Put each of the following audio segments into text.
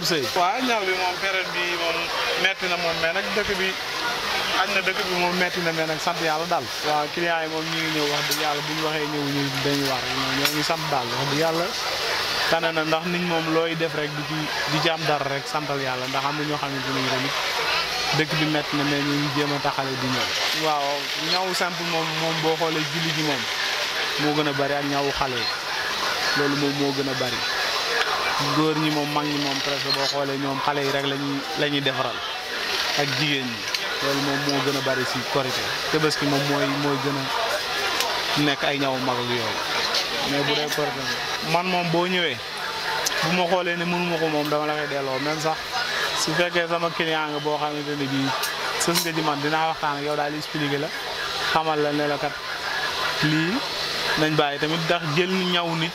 Mor Seye. waaw ñaw bi moom période bi moom metti na moom mais nag dëkk bi aj na dëkk bi moom metti na mais nag sant yàlla daal. waaw client moom ñu ngi ñëw wax dëgg yàlla bu ñu waxee ñëw ñu dañu war ñoo ngi sant daal wax dëgg yàlla tane na ndax nit moom looy def rek di ci di jaam dara rek santal yàlla ndax am na ñoo xamante ne tamit dëkk bi metti na mais ñu ngi jéem a taxale di ñëw. waaw ñaw sant moom moom boo xoolee julli ji moom moo gën a bari ak ñawu xale loolu moom moo gën a bari góor ñi moom mag ñi moom presque boo xoolee ñoom xale yi rek lañuy la ñuy defaral ak jigéen ñi loolu moom moo gën a bari si korité tabaski moom mooy mooy gën a nekk ay ñaw mag ak yooyu mais bu dee korité man moom boo ñëwee bu ma xoolee ne mënuma ko moom dama la delloo même sax su fekkee sama client nga boo xamante ne bii sës nga ji man dinaa waxtaan ak yow daal expliqué la xamal la ne lii nañ bàyyi tamit ndax jël ñaw nit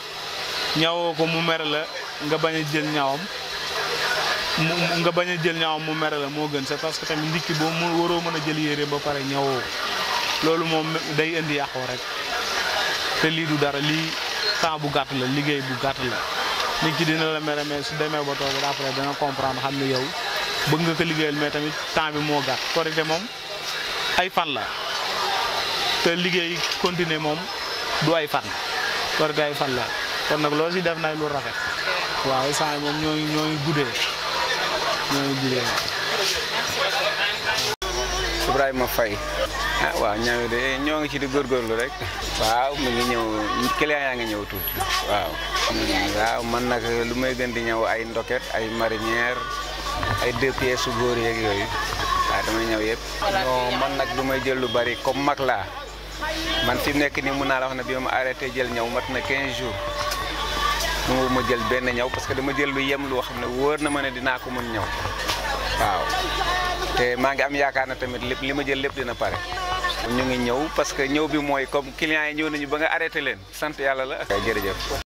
ñawoo ko mu mer la nga bañ a jël ñaawam mu nga bañ a jël mu mere la moo gën c'est parce que tamit nit ki boo mu waroo mën a jël yére ba pare ñawoo loolu moom day indi yàqoo rek te lii du dara lii temps bu gàtt la liggéey bu gàtt la nit dina la mere mais su demee ba toog après dana comprendre xam ne yow bëgg nga ko liggéeyal mais tamit temps bi moo gàtt korite moom ay fan la te liggéey continuer moom du ay fan korite ay fan la kon nag loo si def nay lu rafet waaw saa yi moom ñoo ñooy guddee ñooy guddee Ibrahima Faye ah, waaw ñoo ngi ci di góorgóorlu rek waaw mu ngi ñëw client yaa ngi ñëw tuuti waaw man nag lu may gën di ñëw ay ndoket ay marinière ay deux su góor yeeg yooyu waaw damay ñëw yëpp non nag lu may jël lu bari comme mag laa man fi nekk ni mun naa la wax ne bi ma arrêté jël ñaw mat na 15 jours moo ma jël benn ñaw parce que dama jël lu yem loo xam ne wóor na ma ne dinaa ko mën ñaw waaw te maa ngi am yaakaar na tamit lépp li ma jël lépp dina pare ñu ngi ñëw parce que ñëw bi mooy comme clients yi ñëw nañu ba nga arrêté leen sant yàlla la. ak jërëjëf.